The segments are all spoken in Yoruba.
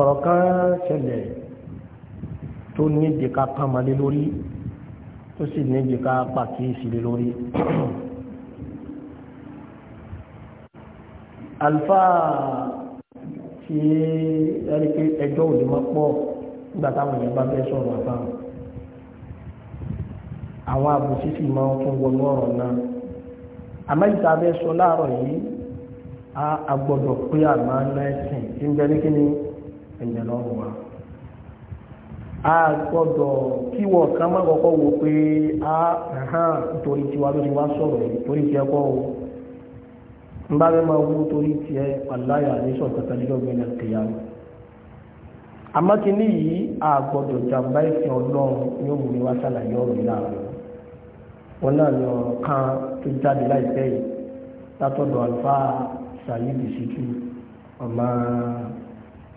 ọ̀rọ̀ kan ṣẹlẹ̀ tó ní ìdíkà pàmọ́lé lórí tó sì ní ìdíkà pàkíyèsí lé lórí. àlùfáà tí ẹni pé ẹjọ́ òde máa pọ̀ nígbà táwọn èèyàn bá fẹ́ sọ̀rọ̀ àfáà àwọn àbòsí sì máa ń tún wọnú ọ̀rọ̀ náà àmọ́ ìta abẹ́ sọ láàárọ̀ yìí a gbọ́dọ̀ pé àmọ́ náà ẹ̀sìn tí ń bẹ ní kíni ẹ̀yìn a gbọ́dọ̀ kí wọ́n kan má kọ́kọ́ wo pé a hàn nítorí tiwa ló ti wá sọ̀rọ̀ nítorí tiẹ̀ kọ́ o n bá fẹ́ máa wú torí tiẹ̀ aláyà ní sọ̀tàtàdínlọ́gbìn náà kìyà àmọ́ kínní yìí a gbọ́dọ̀ jàmbá ìsìn ọlọ́run ní òmùmí wa ṣàlàyé ọ̀rọ̀ yìí láàrin wọn náà ní ọ̀rọ̀ kan tó jáde láìpẹ́ yìí látọ̀dọ̀ àlùfáà Saheed Shittu ọmọ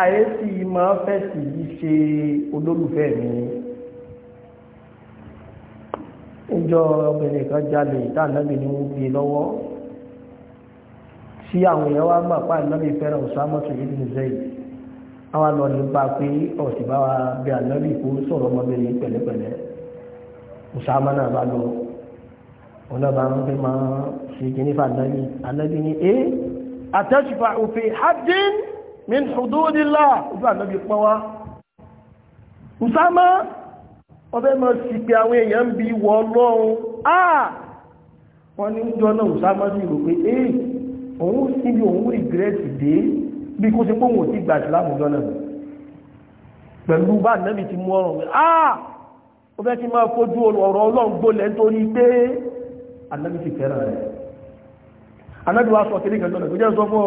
àyẹ́sì máa fẹ́sì yìí ṣe olólùfẹ́ mi níjọ obìnrin kan jalè ìtànàbì ni wọ́n gbé lọ́wọ́ tí àwọn èèyàn wá mọ̀ pa ìnáwó ìfẹ́ràn òṣàmọ́tò yìí ní zẹ́yì àwọn lọ nípa pé ọ̀sìn bá wa bí ànábì kó sọ̀rọ̀ ọmọbìnrin pẹ̀lẹ́pẹ̀lẹ́ òṣàmọ́ náà bá lọ ọlọ́ba ń fi máa ṣe kí nífà ànábì ànábì ní ẹ́ eh, àtẹ́sùfà òfin hadin min hududillah ojú ànábì pọ́n wá Usama ọbẹ̀ mọ́ sí pé àwọn èèyàn bí wọ lọ́run áà wọ́n ní ìjọ náà Usama sí rò pé èè òun sí bí òun rìgírẹ́tì dé bí kó ṣe pòun ò sí gbà ìsìlámù jọ náà pẹ̀lú bá ànábì ti mú ọrùn rẹ̀ áà ó fẹ́ kí máa fojú ọ̀rọ̀ ọlọ́run gbólẹ̀ nítorí pé ànábì ti fẹ́ràn rẹ̀ ànábì wa sọ kiri kan lọ́nà kó jẹ́ sọ fún ọ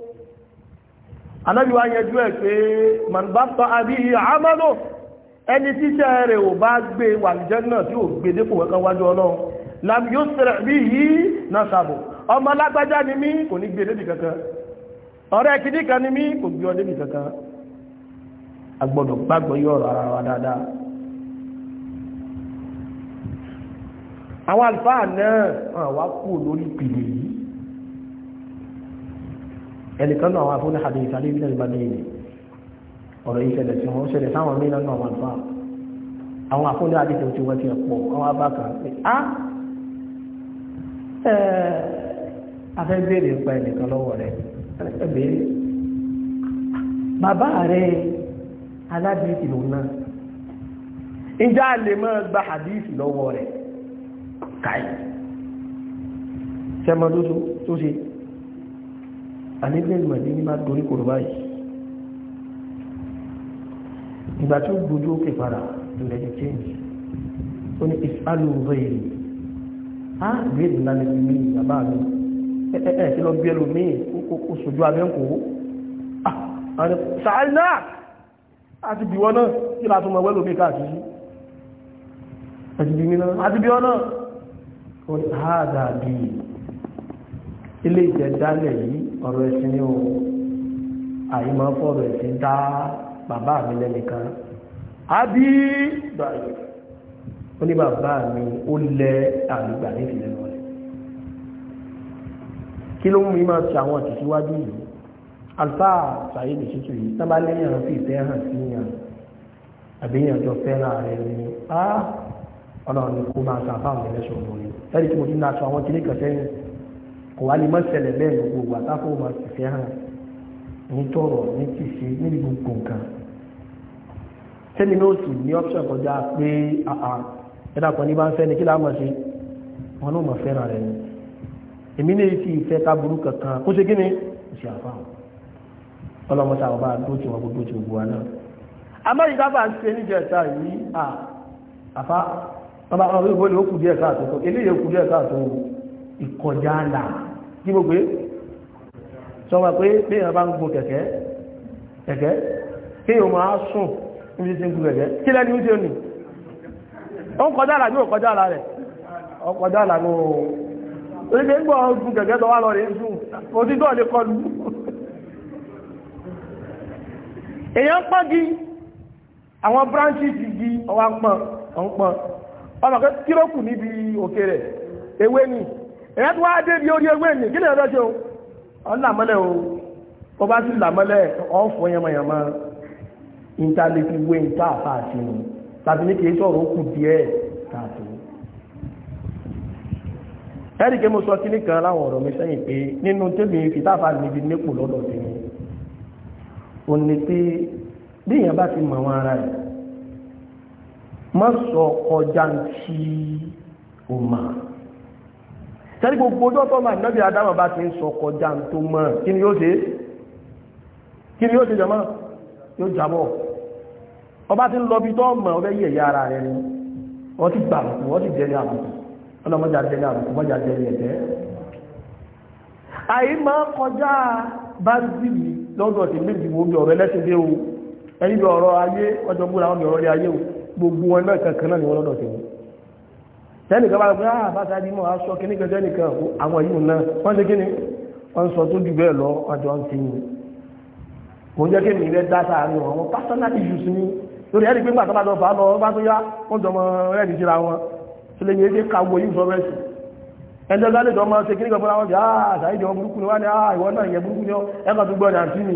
anábì wá yẹjú ẹ̀ pé mànbátọ́ àbí àmọ́lò ẹni tíṣẹ́ rẹ̀ ò bá gbé wàlìjẹ́ náà tí ò gbé dépò kankan wájú ọlọ́run lam yóò sẹ̀rẹ̀ bí ọmọ alágbájá ni mí kò ní gbé débì kankan ọ̀rẹ́ kan ni kò a gbọ́dọ̀ gbàgbọ́ ara wa na ẹnìkan náà wà fún hadith Ali ibn al-Madini ọ̀rọ̀ yìí ṣẹlẹ̀ sí wọn ó ṣẹlẹ̀ sáwọn mí lọ́nà wọn fà àwọn àfúnni hadith tí wọ́n ti pọ̀ àwọn abákan pé á ah, ẹ afẹ́ béèrè nípa ẹnìkan lọ́wọ́ rẹ ẹ béèrè bàbá rẹ aládìsí lòun náà ìjà lè máa gba hadith lọ́wọ́ rẹ káyì sẹ́mọ́ tó ṣe àníbẹ̀ ìmọ̀dé ní máa torí kòrò báyìí ìgbà tí ó gbójú òkè padà ìrẹ̀ ti change ó ní ìfàlù rẹ̀ á gbé ìdùnnà lẹ́nu mi bàbá mi ẹ̀ẹ́ tí lọ bí ẹlòmíì ó sojú abẹ́ǹkó ṣàìlá ah, àti bìwọ́ náà kí látọ́ mọ̀ wẹ́lòmíì káàkiri àti bí mi náà àti bí náà ó ní àádàá bíi ilé ìjẹ̀dálẹ̀ yìí ọ̀rọ̀ ẹ̀sìn ni o àyè máa fọ̀rọ̀ ẹ̀sìn dá bàbá mi lẹ́nìkan àbí báyìí ó ní bàbá mi ó lẹ àgbègbè àníbi lẹ́nu rẹ̀ kí ló mú mi máa ṣe àwọn àtìsíwájú yìí alfa ṣàyè lè ṣètò yìí tábà lẹ́yìn àwọn fi ìfẹ́ hàn sí yàn àbí yàn jọ fẹ́ràn rẹ̀ ni á ọlọ́run kó máa ṣàfáwọn ẹlẹ́ṣọ̀ ọ̀gbọ̀n yìí lẹ́yìn tí mo ti ń aṣọ àwọn kò wá ní mọ́ ṣẹlẹ̀ bẹ́ẹ̀ ní gbogbo àtàkùn ọmọ ìfẹ́ hàn ní tọrọ ní tìṣe níbi gbogbo nǹkan tẹ́mi náà sì ní option kọjá pé àà ẹ̀dá ní bá ń fẹ́ ni kí láà mọ̀ wọn náà mọ̀ fẹ́ràn rẹ̀ ni èmi ní ti ìfẹ́ ká burú kankan kó ṣe kí ni ìṣe àfáà ọlọ́mọta ọba tó ti wọn gbogbo ti gbogbo wa náà amẹ́ríkà bá ń ṣe níjẹta yìí à àfá ọba ọba ìwọlé ó kù díẹ̀ káàtó eléyìí ó kù díẹ̀ káàtó ìkọjá náà kí mo pé sọ ma pé pé èèyàn bá ń gun kẹ̀kẹ́ kẹ̀kẹ́ kí èèyàn máa sùn níbi tí ń gun kẹ̀kẹ́ kí lẹ́ni ń ṣe nì ó ń kọjá àlà ní òkọjá àlà rẹ̀ ọkọjá àlà ní òun oríṣi ń gbọ́ gun kẹ̀kẹ́ tó wá lọ rẹ̀ ń sùn òtí tó lè kọlu èèyàn pọ́n gi àwọn branches gi ọwọ́ pọ́n ọ̀n pọ́n ọmọ kí ló kù níbi òkè rẹ̀ ewé ni ẹ̀yẹ́ tó wá dé bí orí ewé ní kílẹ̀ ọ̀dọ́ ṣeun ọ̀làmọ́lẹ̀ o tó bá sí làmọ́lẹ̀ ọ̀fọ̀ yẹmọ̀yẹmọ́ ìntàlẹ́fì wé ìta àfà àṣínú tàbí ní kìí sọ̀rọ̀ kù díẹ̀ káàtó ẹ̀ríkẹ́ mo sọ kíní kan láwọn ọ̀rọ̀ mi sẹ́yìn pé nínú tẹ́mi fìtàfà níbi nípò lọ́dọ̀ tèmi ò ní pé bí èèyàn bá ti mọ̀ wọn ara rẹ̀ má sọ ọjà ń tí ó máa sẹ́ni gbogbo ọjọ́ tó máa nábì adáma bá ti ń sọ kọjá tó mọ̀ kí ni yóò ṣe kí ni yóò ṣe jọmọ́ yóò jábọ̀ ọba ti ń lọ bí tó mọ̀ ọbẹ̀ yẹ̀ ya ara rẹ̀ ni wọ́n ti gbà àbùkù wọ́n ti jẹ́lẹ̀ àbùkù ọlọ́mọjà jẹ́lẹ̀ àbùkù mọ́jà jẹ́lẹ̀ ẹ̀jẹ́ àyí máa kọjá bá ń bì mí lọ́dọ̀ tí méjì wo bí ọ̀rọ̀ ẹlẹ́sìn o ẹni bí ọ̀rọ̀ ayé ọjọ́ gbúra wọn o gbogbo wọn náà kankan náà ni wọ́n lọ́dọ̀ tẹ̀wọ́ tẹ́nìkan bá gbé àbáta ní mọ́ aṣọ kí níkan tẹ́nìkan àwọn yìí náà wọ́n ṣe kí ni wọ́n sọ tó jù bẹ́ẹ̀ lọ ọjọ́ ń ti yìn mo jẹ́ kí mi rẹ̀ dá sáàárín wọn wọn personal issues ní lórí ẹni pé gbàtọ́ bá lọ fà á lọ wọ́n bá tó yá wọ́n jọmọ rẹ̀ ní síra wọn tó lè yẹ ká wo yìí sọ bẹ́ẹ̀ sí ẹjọ́ bá lè jọmọ ṣe kí sí ni wọ́n ní ìwọ náà yẹ burúkú ni ẹ kàn tó gbọ́ ní àǹtí mi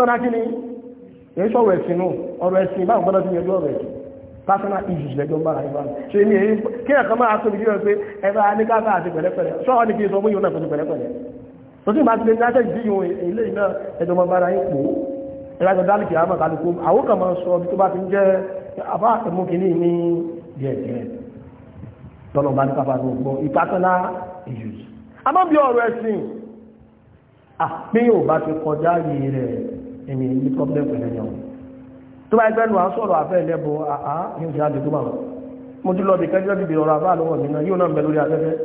àǹtí ni èyí sọ̀rọ̀ ẹ̀sìn nù personal issues lẹ́jọ́ ń bára ìbára ṣe ní èyí kí ẹ̀kan máa tóbi yíò pé ẹbá aníkàtà àti pẹ̀lẹ́pẹ̀lẹ́ sọ́ọ́ ní kí sọ múyìn náà pẹ̀lú pẹ̀lẹ́pẹ̀lẹ́ tó tí bá ti lè dájẹ́ ìdí yóò ilé iná ẹjọ́ mọ́ bára ipò ìrájọ dálìkì àmà kálukú àwọn kan máa sọ tó bá ti ń jẹ́ àbá àtẹ̀mú kìíní ní díẹ̀díẹ̀ tọ́nà bá ní káfà gbogbo ìpátánlá issues àmọ́ bí ọ̀rọ̀ ẹ̀sìn àpéyìn ah, ò bá ti kọjá yìí rẹ̀ èmi ní problem pẹ̀lẹ́ yẹn tó bá gbẹ́nu à ń sọ̀rọ̀ àfẹ́ ìlẹ́bọ àá ní oṣù àdìgbò mà mo ti lọ bí kẹjọ bíbi ọ̀rọ̀ àbá lọ́wọ́ mi náà yóò náà bẹ lórí afẹ́fẹ́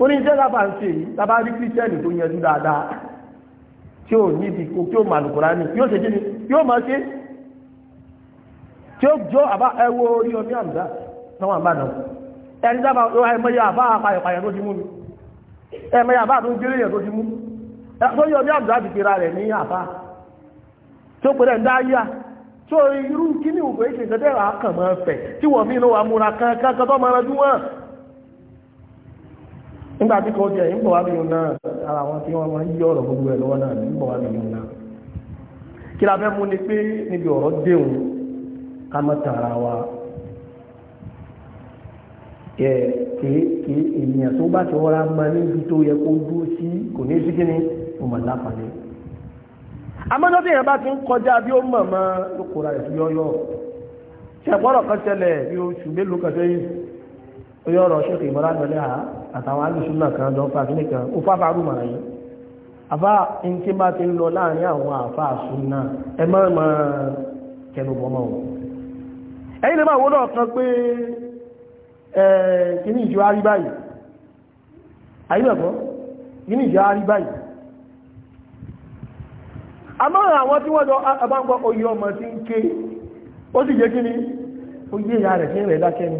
ó ní iṣẹ́ lábà ń ṣe yìí lábà rí kírísítẹ́nì tó dáadáa tí ó ní ibi kó tí ó mà ní yóò ṣe kíni yóò máa ṣe tí ó jọ àbá ẹwọ orí ọmí náwọn àbá náà ẹni dábà so irú kíní òkú èsì ìṣẹ́dẹ́ rà kàn máa fẹ̀ tí wọ́n mìíràn wà múra kankan kan tó máa rẹjú wọn nígbà tí kò tiẹ̀ ń bọ̀ wá bí yun náà ara wọn tí wọ́n máa ń yí ọ̀rọ̀ gbogbo ẹ̀ lọ́wọ́ náà ń bọ̀ wá bí yun náà kí la fẹ́ mú ni pé níbi ọ̀rọ̀ déhùn ká mọ́ tààrà wa èèyàn tó bá ti rọra mọ níbi tó yẹ kó dúró sí kò ní sí kíní kò amọ́jọ́ tí bá ti ń kọjá bí ó mọ̀ mọ́ lókòrà ìfúyọ́yọ́ ṣẹ̀gbọ́rọ̀ kan ṣẹlẹ̀ bí oṣù mélòó kan sẹ́yìn ó ọ̀rọ̀ ṣẹ́kì ìmọ̀lá àtàwọn alùsùnà kan jọ fà kíní kan ó fáfá rú màá yìí àfá ń tí bá ti ń lọ láàrin àwọn àfá àsùnà ẹ mọ́ mọ́ kẹnu bọ́mọ́ o ẹ̀yìn lè máa wọ́n náà kan pé àmọ́ àwọn tí wọ́n jọ àbáǹgbọ́ oyè ọmọ tí ń ké ó sì jẹ́ kí ni oyè ìyá rẹ̀ kí ń rẹ̀ dákẹ́ ni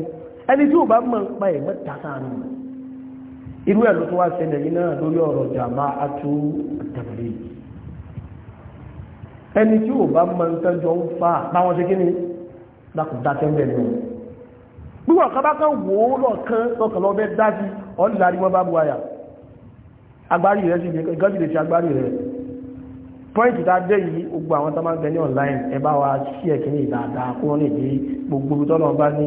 ẹni tí ò bá mọ̀ ń pa ẹ̀mọ́ tàkàánù irú ẹ̀ ló tó wá ṣẹlẹ̀ yìí náà lórí ọ̀rọ̀ jàmá atú àtàlẹ́ ẹni tí ò bá mọ̀ ń tẹ́jọ ń fa báwọn ṣe kí ni lákùn dákẹ́ mẹ́ lọ gbígbọ̀n kan bá kan wò ó lọ́ọ̀kan lọ́kàn lọ́ọ́ bẹ́ẹ̀ dájú ọ̀làrí wọn bá bu àyà agbárí rẹ̀ pọ́ìntì tá a dé yìí gbogbo àwọn tó máa ń bẹ online ẹ bá wa ṣí ẹ̀kí ní ìdáadáa kó wọ́n nìdí gbogbo tọ́lọ́ bá ní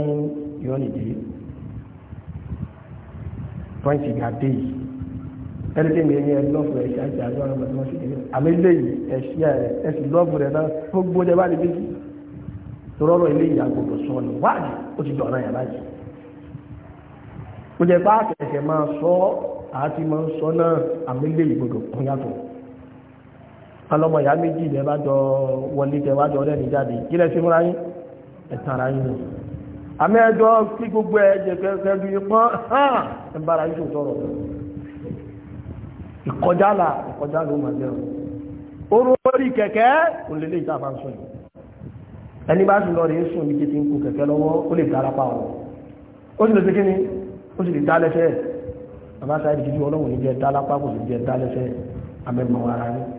ìyọ́ nìdí pọ́ìntì ga dé yìí ẹni tí mi ní ẹ lọ́ọ̀fù rẹ̀ ṣe àti àjọ àwọn ọmọdé ṣe kéré àmì ilé yìí ẹ̀ṣí ẹ̀ ẹ̀ṣì lọ́ọ̀fù rẹ̀ náà gbogbo jẹ́ bá lè bí tọ́rọ̀ ilé yìí àgbọ̀dọ̀ sọ ni wáàdì ó ti dọ̀rọ̀ yàrá yìí ó jẹ́ bá àtẹ̀ṣẹ̀ máa sọ àti máa sọ náà àmì ilé yìí kún yàtọ̀ alọ́mọ ìyá méjì lẹ́ bá jọ wọlé tẹ wá jọ lẹ́ni jáde kí lẹ́ sí fúnra yín ẹ̀tàn ara yín ni àmì ẹjọ́ kí gbogbo ẹ jẹ kẹkẹ bí pọ́n hàn ẹ bára yín sọ̀rọ̀ ìkọjá là ìkọjá ló máa jẹun orí kẹ̀kẹ́ olèlé ìta máa ń sọ yìí ẹni bá sì lọ sùn ní kété ń kú kẹ̀kẹ́ ó lè dára pa ọ̀ ó sì lè ṣe kíni ó sì lè dá lẹ́sẹ̀ àbáṣá ìdíjú ọlọ́run ní jẹ́ dá lápá kò sì jẹ́ dá lẹ́sẹ̀ àmẹ́mọ̀ ara yín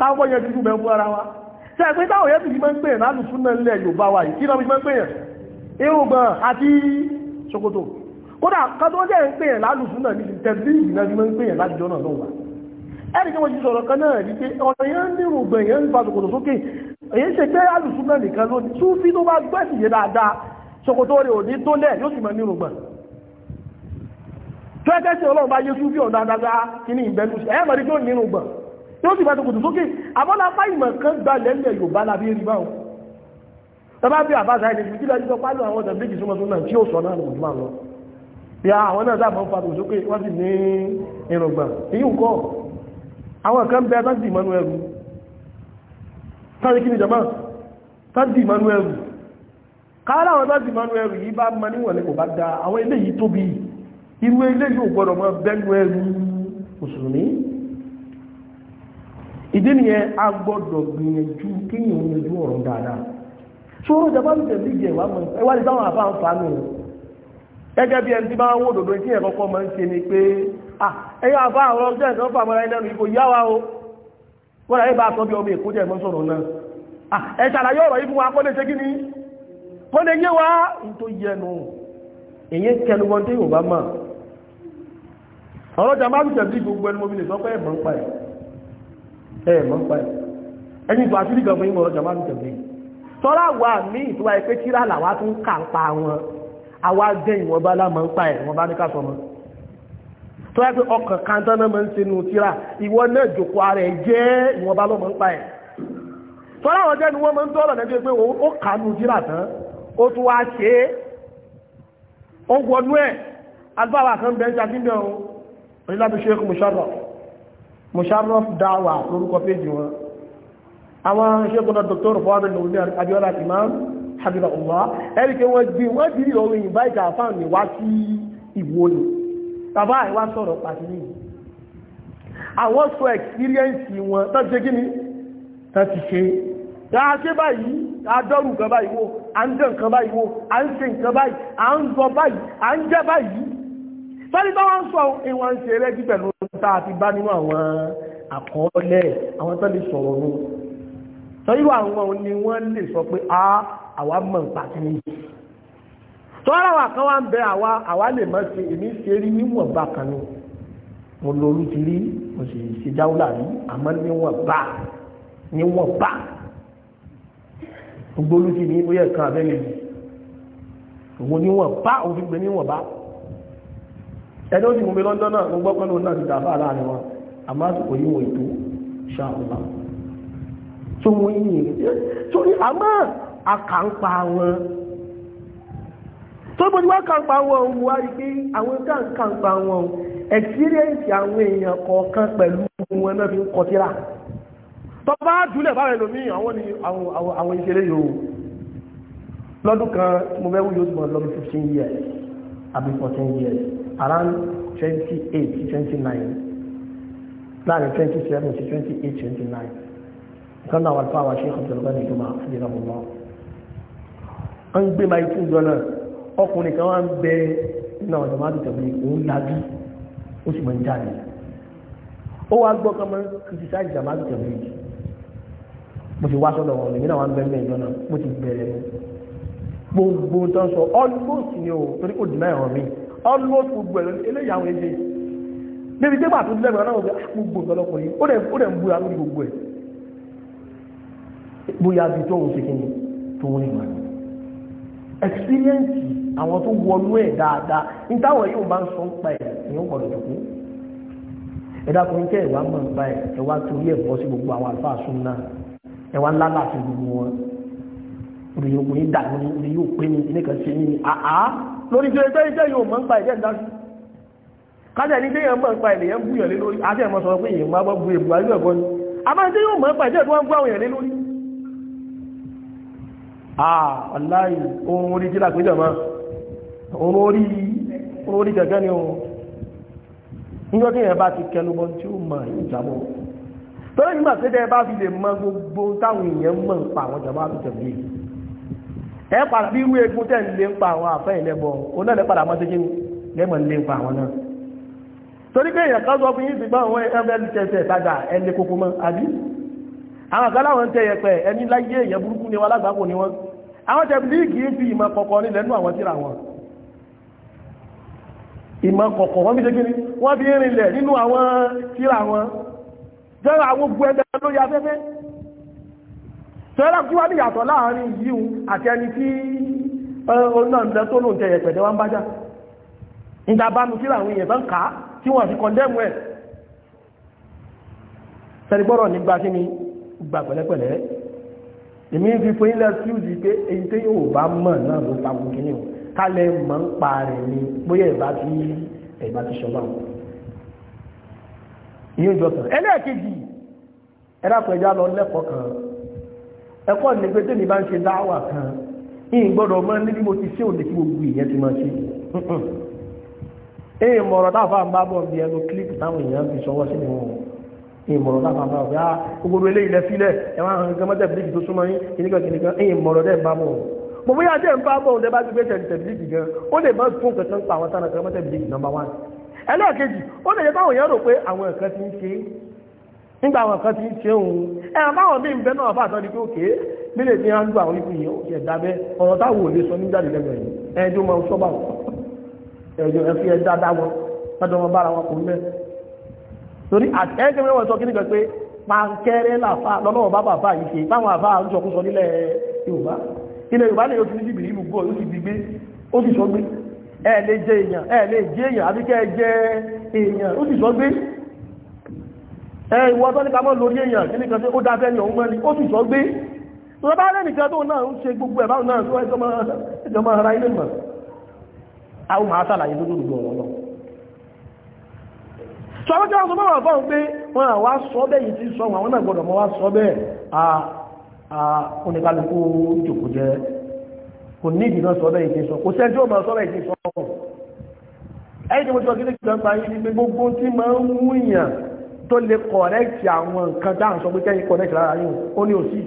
káwọ́ yẹn dúdú mẹ́fún ara wa ṣe ẹgbẹ́ táwọn yẹn ti fi máa ń pè yàn lálùsù náà nílẹ̀ Yorùbá wa yìí kí náà fi máa ń pè yàn irùngbọ̀n àti ṣòkòtò kódà kan tó jẹ́ ń pè yàn lálùsù náà ní tẹ̀lé ìgbìnà fi máa ń pè yàn lájọ náà lọ́wọ́ ẹnì kí wọ́n ti sọ̀rọ̀ kan náà ní pé ṣe pé ní tó bá gbẹ́sì yóò sì bá tó kùtù sókè àbọ́lá fáìmọ̀ kan gba lẹ́lẹ̀ Yorùbá lábí rí báwọn tọ́bá bí àbáṣà ẹni tí kílọ̀ yíkọ pálọ̀ àwọn ọ̀dọ̀ méjì súnmọ́ súnmọ́ tí ó sọ náà lọ́dún máa lọ bí àwọn náà sáà mọ́ fa tó sókè wọ́n sì ní irùngbà èyí ń kọ́ àwọn kan bẹ tán dì mọ́nú ẹrù sáré kí ni jọmọ́ tán dì mọ́nú ẹrù káàlà àwọn tán dì mọ́nú ẹrù yìí bá mọ́ níwọ̀n kò bá da àwọn eléyìí tóbi irú eléyìí ò gbọ́dọ̀ mọ́ bẹ́nu ẹrù mùsùlùmí ìdí nìyẹn a gbọ́dọ̀ gbìyànjú kéèyàn ń yanjú ọ̀rọ̀ dáadáa ẹ wá lè dáhùn àbá bí ẹni tí bá máa ń ṣe ni pé ẹ̀yà àbá àwọn ọjọ́ ẹ̀sán fàmọ́ra ẹ̀nà ìbò yá wa o wọ́n rà ẹ̀bá àtọ́bí ọmọ èkó jẹ́ ìmọ́sọ̀rọ̀ náà ẹ ṣàlàyé wa lè ṣe kí ni kọ́ lè yé wa tó ẹ̀ mọ́ pa ẹ̀ ẹni ìgbà tí nìkan fún ìmọ̀ ọjà máa ń tẹ̀lé tọ́lá wà mí ìtura ẹ pé kíra làwa tún kà ń pa wọn àwa jẹ́ ìwọ̀n bá lámọ̀ ń pa ẹ̀ wọ́n bá ní ká sọmọ tó yẹ pé ọkàn kan tán náà máa ń sinú kíra ìwọ náà jòkó ara ẹ̀ jẹ́ ìwọ̀n bá lọ́mọ̀ ń pa ẹ̀ tọ́lá wọn jẹ́ ni wọ́n máa ń tọ́lọ̀ nẹ́bí pé ó kà nù kíra tán ó tún wá ṣe é ó wọnú ẹ̀ alùpàwà kan bẹ́ẹ̀ jáde musharraf dawa lórúkọ péjì wọn àwọn ṣẹ́kọ̀ọ́ dr fọ́ọ̀rẹ́ lórí abiola imam habib allah ẹ̀ríkẹ́ wọ́n gbé wọ́n ti rí ọ̀rọ̀ yìnbá ìta àfáàn ní wá sí ìwò ni bàbá àìwá sọ̀rọ̀ pàtí ní àwọn sọ ẹ̀kíríẹ́ǹsì wọn tó ṣe kí ni tó ti ṣe dáṣẹ́ báyìí adọ́rù kan báyìí wo à ń dẹ̀ nǹkan báyìí wo à ń ṣe nǹkan báyìí à ń sọ báyìí à ń jẹ́ báyìí sọ́ni tó wọ́n sọ ìwọ̀n ṣe rẹ́jú pẹ̀lú tá a ti bá nínú àwọn àkọọ́lẹ̀ àwọn tó lè sọ̀rọ̀ nù sọ́yìnwó àwọn ni wọ́n lè sọ pé a àwa mọ̀ nípa kí ni tọ́ra wà kan wá ń bẹ àwa àwa lè mọ̀ ṣe èmi ṣe rí níwọ̀n bá kan ni mo lo olú ti rí mo sì ṣe jáwúlà rí àmọ́ níwọ̀n bá níwọ̀n bá gbogbo olú ti ní bóyá kan abẹ́lẹ̀ mi bá ẹni ó sì mú mi lọ́jọ́ náà mo gbọ́ pẹ́lú náà ti dàfà láàrin wọn àmọ́ àsìkò yìí wọ̀ ètò ṣàkóbá tó wọ́n yìí sórí àmọ́ àkàǹpa wọn tó gbọ́dọ̀ wá kàǹpa wọn mo wá rí pé àwọn kàǹpa wọn experience àwọn èèyàn kọ̀ọ̀kan pẹ̀lú wọn náà fi ń kọtíra tó bá jùlẹ̀ bá rẹ̀ àwọn ni àwọn ìṣeré yòó lọ́dún kan mo mẹ́wú yóò ti mọ̀ lọ́dún 15 years àbí 14 years around 28, 29. twenty nine láàrin twenty seven sí twenty eight nǹkan náà wà fún àwọn Sheikh Abdulghani Juma àfihàn ń gbé máa ikú jọ náà ọkùnrin kan wá ń bẹ nínú àwọn ìjọba àti ìjọba òun lájú ó sì mọ̀ ń jáde ó wá gbọ́ kan máa ń criticize ìjọba àti ìjọba yìí mo ti wá sọ́dọ̀ wọn lèmínà wà ń bẹ́ẹ̀ mẹ́jọ náà mo ti bẹ̀rẹ̀ gbogbo tó ń sọ almost ni o torí kò dìmọ̀ ẹ̀rọ mi almost gbogbo ẹ̀rọ eléyìí àwọn èdè níbi tí bàtú lẹ́gbẹ̀ẹ́ náà wọ́n ah, gbogbo ọ̀pọ̀lọpọ̀ yìí ó dẹ̀ ń búra lórí gbogbo ẹ̀ bóyá bí tó ń ṣe kí ni tó ń rìn wáyé experience àwọn tó wọnú ẹ̀ dáadáa ní táwọn yóò bá ń sọ ń pa ẹ̀ ní ó gbọ́dọ̀ tó kú ẹ̀dá kan tẹ́ ẹ̀wà máa ń bá ẹ̀ ẹ̀wà torí ẹ̀ bọ́ sí gbogbo àwọn àlùfáà súnmọ́ ẹ̀wà ńlá láti gbogbo wọn òrìyókùnrin dàgbọ́n ní yóò pé ní ilé kan ṣe ní àá lórí tí ẹgbẹ́ iṣẹ́ yóò mọ́ ń pa ìjẹ́ ìdájú kájẹ̀ ní tí èèyàn mọ́ ń pa ènìyàn bú yàn lé lórí àti ẹ̀mọ́ sọ pé èèyàn máa bọ́ bu èbù àríwẹ̀ gan ni àmọ́ tí yóò mọ́ ń pa ìjẹ́ tó wọ́n lé lórí àà ọ̀láì orí jílà pé jọ̀mọ́ ohun orí gẹ̀gẹ́ ni ohun níjọ́ tí èèyàn bá ti kẹnu bọ́ tí ó mọ̀ ìjàmọ́ torí nígbà tí ẹ bá fi lè mọ gbogbo táwọn èèyàn mọ̀ ń pa àwọn jàmbá àti jẹ̀mọ́ ẹ padà bí irú egun tẹ́ ń lé ń pa àwọn àfẹ́ ìlẹ́bọ̀ òun náà lẹ́ padà mọ́ sí kí lẹ́mọ̀ ń lé ń pa àwọn náà torí pé èèyàn kan sọ fún yín sí gbọ́n àwọn ẹgbẹ́ tẹ̀sẹ̀ ìtajà ẹni kókó mọ́ àbí àwọn kan láwọn tẹ yẹpẹ ẹni láyé èèyàn burúkú ni wọn alágbàkò ni wọn àwọn tẹ líìgì fi ìmọ̀ kọ̀kọ̀ nílẹ̀ nú àwọn tíra wọn ìmọ̀ kọ̀kọ̀ wọ́n fi ṣe kíni wọ́n fi ń rinlẹ̀ nínú àwọn tíra wọn jẹ́ àwọn gbogbo ẹgbẹ́ lórí afẹ́fẹ́ sọ́rọ̀ kí wá ní ìyàtọ̀ láàrin yíò àti ẹni tí onáàndẹ́ tó lóun jẹyẹ pẹ̀lẹ́ wá ń bájá ìdàbánu kí làwọn èèyàn bá ń kàá tí wọ́n fi kọndẹ́mù ẹ̀ sẹ́rìgbọ́rọ̀ ni gbà pẹ̀lẹ́pẹ̀lẹ́ èmi ń fi fún ilẹ̀ síùdì pé èyí tí yóò bá ní o kálẹ̀ mọ̀ ń pa rẹ̀ ni bóyá ìbá ti ìbá ti ṣọgbà wọn lọ lẹ́kọ̀ọ́ kan ẹ̀kọ́ ní pé tẹ́mi bá ń ṣe dáwà kan yìí gbọ́dọ̀ mọ́ ní bí mo ti ṣe òde kí gbogbo ìyẹn ti máa ṣe èyí ń bá bọ̀ bí ẹnu táwọn èèyàn fi ṣọwọ́ sí wọn èyí mọ̀rọ̀ ń bá bọ̀ yá ah, gbogbo eléyìí lẹ sílẹ̀ ẹ máa hàn gẹ́mọ́tẹ̀ bíríkì tó súnmọ́ yín kìnnìkan kìnnìkan ń bá bọ̀ nígbà àwọn kan ti ń ṣe òun ẹ̀rọ báwọn bí ìbẹ́ náà bá àtọ́ni pé òkè nílé tí wọ́n ń gbà orí ìyẹn òkè ẹ̀dábẹ́ ọ̀rọ̀ táwọn ò lè sọ nígbàdì lẹ́gbẹ̀ẹ́ yìí ẹjọ́ máa ń sọ́bà wọn ẹjọ́ ẹ̀fí ẹ̀dá dá wọn lọ́dọ̀ wọn bára wọn kò ń bẹ́ torí àtẹ́kẹ́ mẹ́wọ̀n sọ kíníkan pé pankẹ́rẹ́ làfà lọ́lọ́wọ́ bá bàbá yìí ṣe báwọn àfà ń sọkúsọ nílẹ̀ Yorùbá ilẹ̀ Yorùbá lè yóò ti ní jìbìrì ìlú gbọ́ ó sì gbígbé ó sì sọ gbé ẹ̀ lè jẹ èèyàn ẹ̀ lè jẹ èèyàn ẹ ìwọ tó ní kamọ́ lórí èèyàn kí nìkan tí ó dá fẹ́ni ọ̀hún mọ́ni ó sì sọ gbé tó bá rẹ̀ nìkan tó náà ń ṣe gbogbo ẹ̀ báwọn náà tó ẹjọ́ máa ra ilé mọ̀ àwọn máa sàlàyé tó dúdú ọ̀rọ̀ lọ a a oníkálukú jòkó jẹ́ kò ní ìdìná sọ bẹ́ẹ̀ yìí ti sọ kò sẹ́ni tí ó máa sọ bẹ́ẹ̀ yìí ti sọ ẹ̀yìn tí tó lè kọ̀rẹ́kì àwọn nǹkan dáhùn sọ pé kẹ́yìn kọ̀rẹ́kì lára yìí ó ní òsì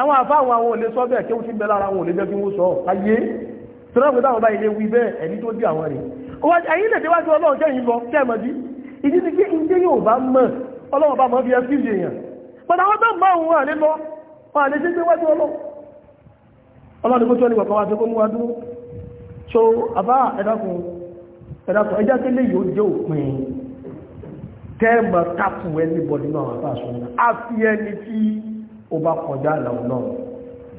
àwọn àfáwọn àwọn olè sọ bẹ́ẹ̀ kí ó ti bẹ lára àwọn olè jẹ́ kí wọ́n sọ ayé tọ́lọ́pù táwọn bá ilé wí bẹ́ẹ̀ ẹni tó dí àwọn rẹ̀ ẹ̀yìn lè déwájú ọlọ́run jẹ́ ìlọ kẹ́ẹ̀mọ́dí ìdí ni pé ìdí yóò bá mọ̀ ọlọ́run bá mọ̀ bí ẹbí èèyàn pẹ̀lú àwọn tó mọ̀ òun àlé lọ wọn àlé sí déwájú ọlọ́run ọlọ́run kó tó ní kọ̀kọ́ wá tó kó mú wa dúró so àbá ẹjá tẹ́lẹ̀ yóò jẹ́ òpin tẹ́ẹ̀mọ̀ tápù ẹnibọ̀dì náà wà fáṣọ náà a fi ẹni tí ó bá kọjá àlàó náà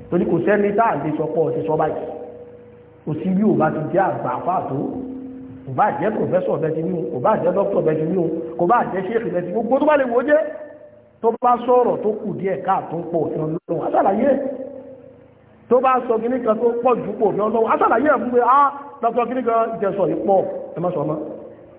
torí kò sẹ́ni tá à lè sọ pọ̀ ṣe sọ báyìí kò sí bí ò bá ti jẹ́ àgbà fáàtó kò bá jẹ́ pòfẹ́sọ̀ bẹ́ẹ̀ ti ní o kò bá jẹ́ dókítà bẹ́ẹ̀ ti ní o kò bá jẹ́ ṣéèkì bẹ́ẹ̀ ti ní o gbogbo tó bá lè wò ó jẹ́ tó bá sọ̀rọ̀ tó kù díẹ̀ káàtó pọ̀ òfin ọlọ́run aṣàlàyé tó bá sọ kíní kan tó pọ̀ jù pọ̀ òfin ọlọ́run aṣàlàyé ẹ̀ fún pé ah dókítà kíní kan ìjẹsọ̀ yìí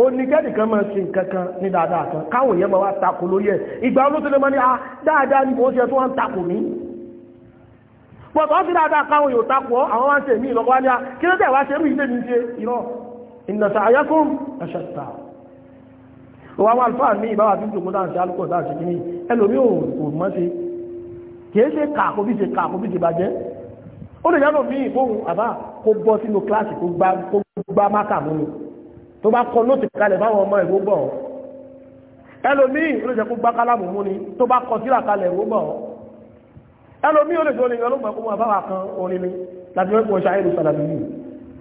ó ní kẹ́nìkan máa ṣe nǹkan kan ní dáadáa kan káwọn èèyàn máa wá takò lórí ẹ̀ ìgbà olóṣèlú máa ní a ah, dáadáa ni mò ń ṣe tó wá ń takò mí pọ̀tọ́ sí dáadáa káwọn yóò takò àwọn wá ń ṣe mí ìlọ́pọ̀ wáyá ah, kí ló tẹ̀ wá ṣe mí ìdè mi ṣe irọ́ ìnàṣà ayákùn ẹ̀ṣẹ̀ta wọ́n wá alfáà ní ìbáwà tí jùmọ́ dáa ṣe alùpọ̀ dáa ṣe kìíní ẹlòmí ò mọ́ sí kìí ṣe kàkó bí ṣe kàkó bí ṣe bàjẹ́ ó lè yánà mí ìfóhùn tó bá kọ nóòtì kalẹ̀ fáwọn ọmọ ìwó bọ̀ ẹlòmíì ó lè jẹ́ kó gbá kálámù mú ni tó bá kọ sílà kalẹ̀ ìwó bọ̀ ẹlòmíì ó lè jẹ́ olùyọ lọ́gbọ̀n kó mú àbáwà kan orin ni láti wọ́n pọ̀ ṣe àìlú sàlàbí yìí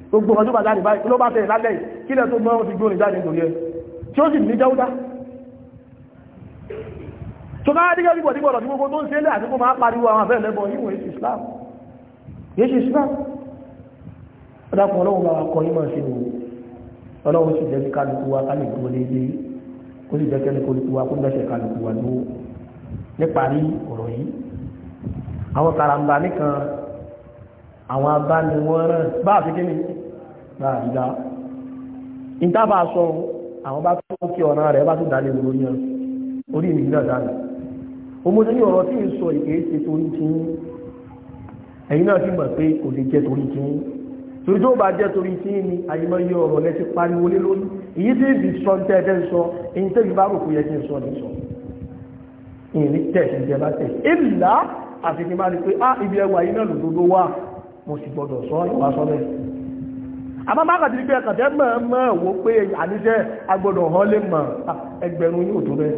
gbogbo ọjọ́ bàjá ní báyìí ló bá tẹ̀lé lálẹ́ kílẹ̀ tó mọ́ ti gbóni jáde nítorí ẹ tí ó sì ní jáúdá tó bá dígẹ́ bí bọ̀dígbọ̀dọ̀ tí gbogbo tó ń ṣe lé àti kó máa pariwo àwọn àfẹ́ lẹ́bọ̀ yíwò yéṣù Islam yéṣù Islam ọ̀dàpọ̀ ọlọ́run bá wa kọ yí máa ṣe nìyí ọlọ́run sì jẹ́ kí kálukú wa ká lè dúró léde kó sì jẹ́ kí kálukú wa kó gbẹ̀sẹ̀ kálukú wa dúró níparí ọ̀rọ̀ yìí àwọn karambà nìkan àwọn abániwọ̀nrán bá àfi kí ni bá àdìdá ìtàbà sọ àwọn bá tó kí ọ̀nà rẹ̀ bá tó dálé wòrò yẹn orí ìlú náà dálé ọmọdé ní ọ̀rọ̀ tí ń sọ ìkéèsè torí tí ẹ̀yìn náà sì mọ̀ pé kò lè jẹ́ torí tí torí tó bá jẹ́ torí tí ní àyímọ́ yí ọ̀rọ̀ lẹ́ti pariwo lé lórí èyí tí ìbí sọ ń tẹ́ẹ̀tẹ́ ń sọ èyí tẹ́ ìbá rò kó yẹ kí n sọ ní sọ ìní tẹ̀sí ìjẹba tẹ̀sí ìlà àti ti máa rí pé ah ibi ẹwà yìí náà lòdòdó wà mo sì gbọdọ̀ sọ ìwà sọ bẹ́ẹ̀ àmọ́ bá kàtí pé ẹ̀kàtẹ́ mọ̀ mọ̀ wó pé àníṣẹ́ agbọ́dọ̀ hàn lè mọ̀ ah, ẹgbẹ̀rún yóò tó bẹ́ẹ̀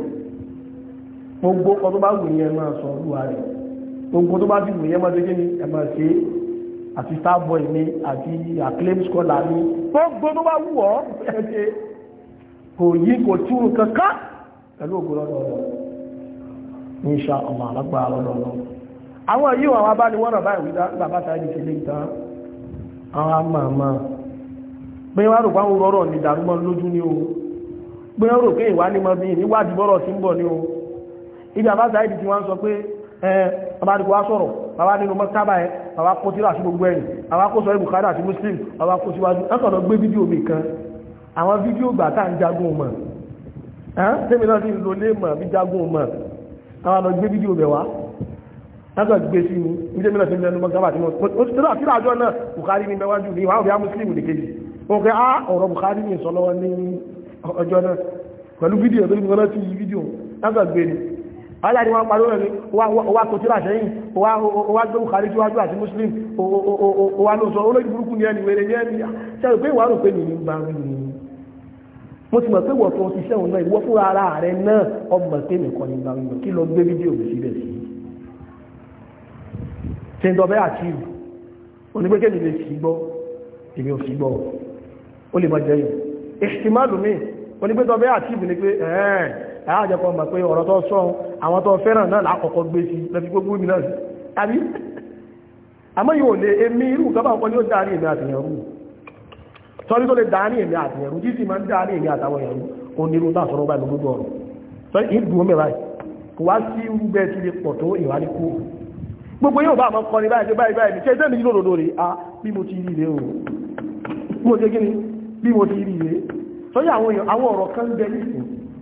gbogbo kan tó bá wù yẹn máa sọ olúwa àti starboy mi àti acclaim scholar mi gbogbo tó bá wù ọ́ ẹ̀ṣẹ̀ kò yí kò túrù kankan pẹ̀lú ògùn lọ́dọọdọ insha Allah alágbà lọ́dọọdọ àwọn yìí wọn wá bá ní wọ́n rọ̀ báyìí wíjá bàbá sáyẹ́dì sí ilé ìtàn àwọn àmàmà pé wọ́n rò pé àwọn rọrọ̀ ní ìdàrúmọ́ lójú ní o pé wọ́n rò pé ìwà ní mọ́ bí níwádìí bọ́rọ̀ sí ń bọ̀ ní o ibi àbá sáyẹ́dì tí wọ́n sọ pé ẹ abádìkọ́ wá sọ̀rọ̀ bàbá nínú mọ́sábà ẹ bàbá kó tíra sí gbogbo ẹ̀yìn bàbá kó sọ ibùkádà àti muslim bàbá kó síwájú látọ̀dọ̀ gbé fídíò mi kan àwọn fídíò gbà tá à ń jagun mọ̀ ẹ́n tẹ́mi náà sì ń lo lé mọ̀ bí jagun mọ̀ àwọn àlọ́ gbé fídíò bẹ̀ wá látọ̀ gbé sí mi ní tẹ́mi náà sì ń lẹ́nu mọ́sábà tí wọ́n tíra àjọ náà bùkárí ní mẹ́wájú ní ìwà òfin muslim nìkejì ó kẹ́ á ọ̀rọ̀ bùkárí ní ìsọlọ́wọ́ ní ọjọ́ náà pẹ̀lú fídíò tó ní mọ́lá aláàrí wọn parí rẹ̀ ní wá kòtíra sẹ́yìn wá gbóhùn kàrí tí wájú àti muslim wà lóòsọ olóòjì burúkú ní ẹni wèrè ní ẹni sẹ́rù pé ìwà rò pé nìyí bá rí ni mo ti mọ̀ pé wọ̀ tó ti sẹ́wọ̀n náà ìwọ fúnra ara rẹ̀ náà ọmọ pé nìkan ní gbàgbé kí lọ gbé fídíò mi síbẹ̀ sí ṣe ń dọbẹ́ àti ìlú onígbẹ́kẹ́ mi lè sì gbọ́ èmi ò sì gbọ́ ó lè mọ jẹ́yìn èsì má lómi onígbẹ́dọbẹ́ àti ìlú ni pé ẹ̀ẹ́ láàjọpọ̀ mọ̀ pé ọ̀rọ̀ tó sọ àwọn tó fẹ́ràn náà lákọ̀ọ́kọ́ gbé sí lọ́fi gbogbo mi náà sí tàbí àmọ́ yóò lè èmi irú nǹkan báwọn ni ó dárí èmi àtìyànrú sọ́rí tó lè dárí èmi àtìyànrú jí sì máa ń dárí èmi àtàwọn èèyàn ó ní irú náà sọ̀rọ̀ báyìí gbogbo ọ̀rọ̀ sọ́rí ìdùn omi báyìí kò wá sí irú bẹ́ẹ̀ tí lè pọ̀ tó ìwà ní kú gbogbo yóò bá àwọn kọrin báyìí báyìí báyìí ṣe iṣẹ́ mi yìí a bí mo ti rí rè o bí mo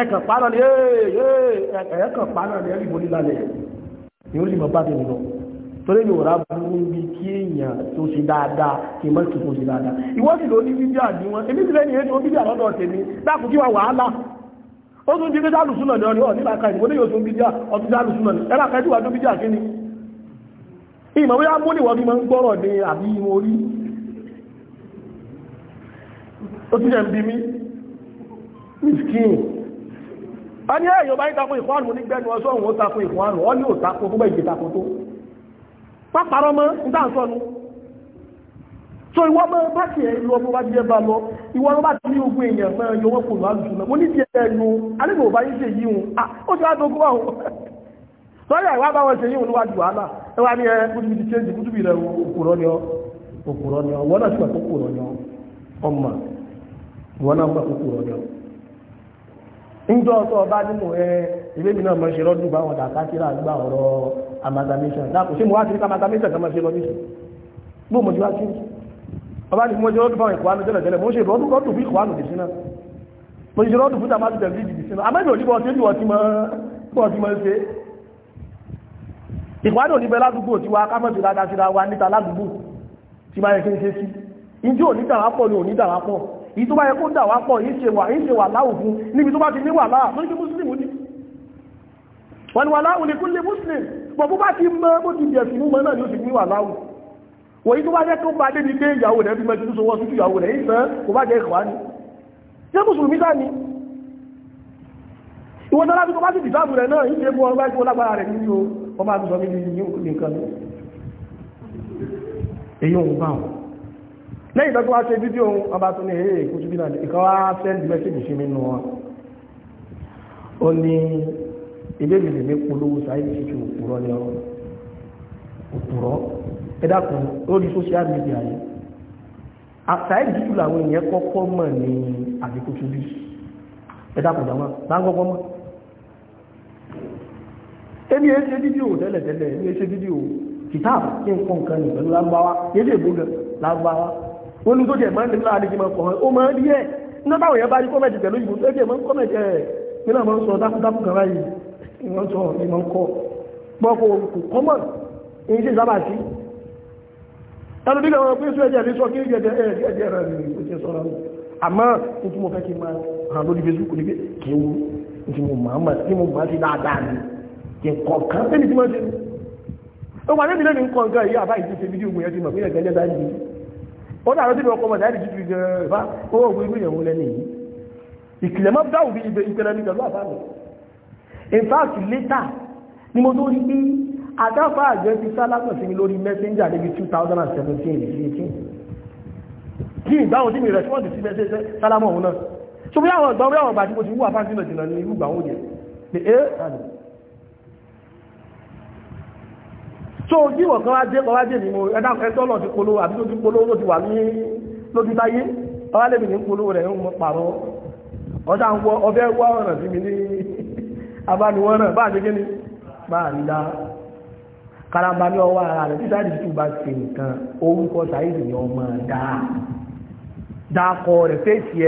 ẹkàn pàánà ni ẹ̀ẹ́kàn pàánà ní ẹ̀rìbò ni ó sì nọ bá ti torí mi ò bí kí èèyàn tó ṣe dáadáa kí mọ́ tó ṣe dáadáa ìwọ́n sì ló ní bíbí àdíwọ́n èmi sì ètò bíbí tèmi kí wàhálà ó tún di lùsùnà lùsùnà tó kí ni ìmọ̀ bóyá mú bí ń gbọ́rọ̀ ní àbí orí ó tún jẹ́ ń bí miskin a ní ẹ̀yọ́ bá ń takò ìkọ́ àrùn onígbẹ́nu ọsọ́ òun ó takò ìkọ́ àrùn ọ ní ò takò tó bẹ́ ìgbé takò tó pápárọ́ mọ́ ń dá sọ́nu so ìwọ mọ́ bá ti ẹ̀ lọ bó bá jẹ́ bá lọ ìwọ ló bá ti ní ogun èèyàn mọ́ ẹyọ wọn kò njọ ọ̀tọ̀ ọba nínú ẹ ilé mi náà mọ̀ ṣe lọ́dún bá wọn dàtà kíra gba ọ̀rọ̀ amalgamation dákò sí mo wá sí ká amalgamation kan mọ̀ ṣe lọ́dún sí bó mo ti wá sí ọba ní mo ṣe lọ́dún báwọn ìkọ́ àánú tẹ́lẹ̀ tẹ́lẹ̀ mo ṣe lọ́dún lọ́dún fún ìkọ́ àánú bìí sínú mo ṣe lọ́dún fún tamati tẹ̀lé bìí sínú amẹ́bí òní bọ́ sí ọtí mọ́ ti mọ́ ṣe ìkọ́ àánú òní bẹ ládùúgbò ti wa ká mọ̀tò dáadáa síra wa níta ládùúgbò ti máa yẹ kí n ṣe sí ìjọ òní tàwápọ̀ ni òní tàwápọ̀ yìí tó bá yẹ kó dà wá pọ̀ yìí ṣe wà yìí ṣe wà láwùfún níbi tó bá ti ní wà láà lórí muslim ní wọ́n ni wà láwù ní kúlé muslim bọ̀ bó bá ti mọ́ bó ti jẹ̀ sí mú mọ́ náà yóò sì ní wà láwù wòyí tó bá jẹ́ tó bá débi pé ìyàwó rẹ̀ fi mọ́ títú sọwọ́ sí ìyàwó rẹ̀ ìfẹ́ kò lẹ́yìn tó wá ṣe fídíò ohun ọba tó ní èyí ìkútù bí náà ìkan wá sẹ́ndì mẹ́sẹ̀jì sí mi nù wọn ó ní ilé mi lèmi polówó sáyé ṣíṣe òpùrọ́ ní ọ̀rọ̀ òpùrọ́ ẹ lórí social media yìí sáyé ṣíṣe làwọn èèyàn kọ́kọ́ mọ̀ ní àbíkútù bí ẹ dákun dáwọn bá ń kọ́kọ́ mọ̀ ẹni ẹ ṣe fídíò tẹ́lẹ̀tẹ́lẹ̀ ẹni ẹ ṣe fídíò kìtáàbù kí n kọ́ nǹkan nì pẹ̀lú lágbáwá yéṣe ìbúgẹ lágbáwá ó ní tó jẹ́ máa ń lè láàrin kí máa pọ̀ ó máa rí ẹ̀ nígbà táwọn èèyàn bá rí kọ́mẹ̀tì pẹ̀lú ìbò tó jẹ́ máa ń kọ́mẹ̀tì ẹ̀ nínú àwọn sọ dákúdákú kan báyìí ìwọ̀n sọ ìwọ̀n kọ́ gbọ́kọ̀ kò kọ́mọ̀ èyí sì sábà sí ẹnu bí lọ́wọ́ pé sóẹ́jẹ̀ mi sọ kí ẹ̀jẹ̀ ẹ̀jẹ̀ rẹ̀ ni ó ti sọ̀rọ̀ àmọ́ ní tí mo fẹ́ kí n máa hàn lórí Facebook ní kí n wú ní tí mo máa mọ̀ tí mo máa ti dáadáa ni kí n kọ̀ kan ti ó wà níbi lẹ́nu nǹkan nǹkan yìí àbá ìdí fídíò mo yẹ ti mọ̀ pé ẹ̀jẹ̀ ẹ̀jẹ̀ dáadáa ó dàrọ síbi ọkọ mọ̀ láti jíjú gan bá ó wọ́n gbogbo ìyẹ̀wò lẹ́nu yìí ìkìlẹ̀ mọ́ dáwù bí ibẹ̀ ìpẹ̀lẹ̀ ní pẹ̀lú àbá mi in fact later ni mo tó rí pé àdáfà àjọ ti sálámọ̀ sí mi lórí messenger níbi 2017 kí ìgbáhùn tí mi response sí messenger sálámọ̀ òun náà so bí àwọn ìgbà bí àwọn ìgbà tí mo ti wú àfáàsì náà jìnnà ní irúgbà òun yẹn pé é eh, àdùn so yíwọ̀ kan wá jẹ́ kọ́ wá jẹ́ ní mo ẹ̀dá ẹjọ́ lọ ti polówó àbí lójú polówó ló ti wà ní lójú láyé ọwá ní polówó rẹ̀ ń pààrọ̀ ọjà ń wọ ọbẹ̀ wá ọ̀nà sí mi ní abániwọ̀nà bá àti bá a nílá karamba ní ọwọ́ ara rẹ̀ títà bá nǹkan orúkọ ni ọmọ dáa dákọ fèsì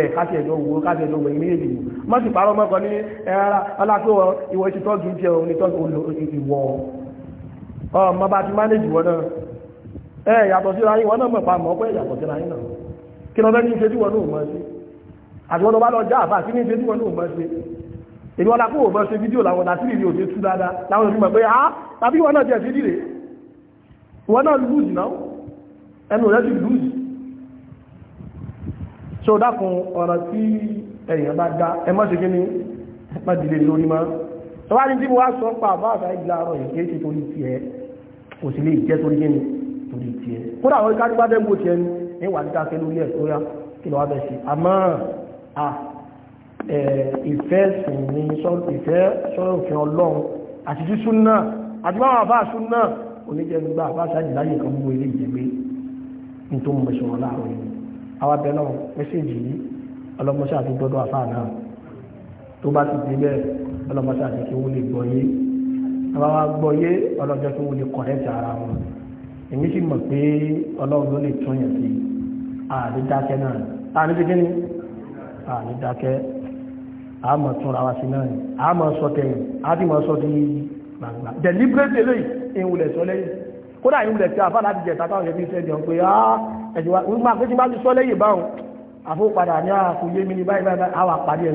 ọmọ bá ti mánéjì wọ́n náà ẹ yàtọ̀ síra yín wọ́n náà mọ̀ pa mọ́ pé yàtọ̀ síra yín náà kí lọ́dọ́ ní ìṣẹ́jú wọn náà mọ́ sí àti wọ́n tó bá lọ já àbá kí ní ìṣẹ́jú wọn náà mọ́ sí èdè wọn lápò òbọ̀ ṣe fídíò làwọn láti rí òde tú dáadáa láwọn òfin mọ̀ pé ah tàbí wọn náà jẹ́ sí dìde wọn náà lùzì náà ẹnu rẹ̀ ti lùzì so dákun ọ̀rọ̀ tí ẹ̀yìn bá dá ẹ mọ́ sí kí ni ẹ má dìde lórí mọ́ tọ́wá ní tí mo wá sọ pa àbá àtàrí ìlà àárọ̀ ìkéṣe torí tiẹ̀ kò sí lè jẹ́ torí gẹ́ni torí ti ẹ̀ kó dà wọ́n ká nípa bẹ́ẹ̀ mú ti ẹni ní wà níta fẹ́ lórí ẹ̀ tó yá kí lọ́wọ́ bẹ́ẹ̀ sí àmọ́ à ìfẹ́ sùn ní ìfẹ́ sọ́rọ̀ òfin ọlọ́run àti tí súnà àti báwọn àbá súnà oníjẹnugbà àbá sáàjì láyé kan mú ilé ìjẹgbé nítorí mo mẹ́sàn-án láàrin àwọn abẹ́ náà mẹ́sẹ̀jì yìí ọlọ́mọṣẹ́ àti gbọ́dọ̀ àfáà náà tó bá ti dé bẹ́ẹ̀ ọlọ́mọṣẹ́ àti kí wọ́n wá gbọ́ yé ọlọ́jọ́ tó wọlé kọ̀rẹ́ ti ara wọn èmi sì mọ̀ pé ọlọ́run ló lè tún yàn sí àrídákẹ́ náà àrí ti kíni àrídákẹ́ àmọ̀ túnra wa sí náà ni àmọ̀ sọ tẹ̀yìn àti mọ̀ sọ ti gbàgbà deliberate lóyìn ìwúlẹ̀ sọ lẹ́yìn kódà ìwúlẹ̀ tí a fà láti jẹ̀ta táwọn ẹbí fẹ́ jẹun pé ẹ̀jẹ̀ wa wọ́n máa pé tí bá ti sọ lẹ́yìn báwọn àfọwọ́padà ní àkúyé mi ní báyìí báyìí àwọn àpàdé ẹ̀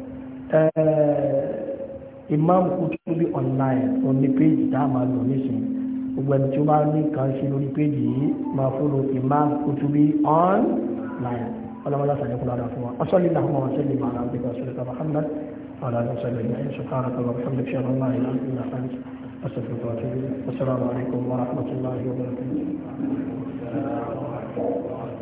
Eh, Imam Kutubi online òun ní péjì tá a máa lò nísìnyí gbogbo ẹni tí ó bá ní kan ṣe lórí péjì yìí máa fọ́lò Imam Kutubi online ọlọ́mọlá sàlẹ̀ kúlọ̀ àdá fún wa ọ̀sọ́lì làwọn ọmọ sẹ́lẹ̀ máa ra bíkà sọ́lẹ̀ ká Muhammad ọ̀là ló sẹ́lẹ̀ ní ẹ̀ṣọ́ kára tó lọ fún ẹ̀ṣọ́ ọ̀nà ìlà ìlà fún ẹ̀ṣọ́ fún ọ̀tí assalamu alaikum wa rahmatullahi wa barakatuh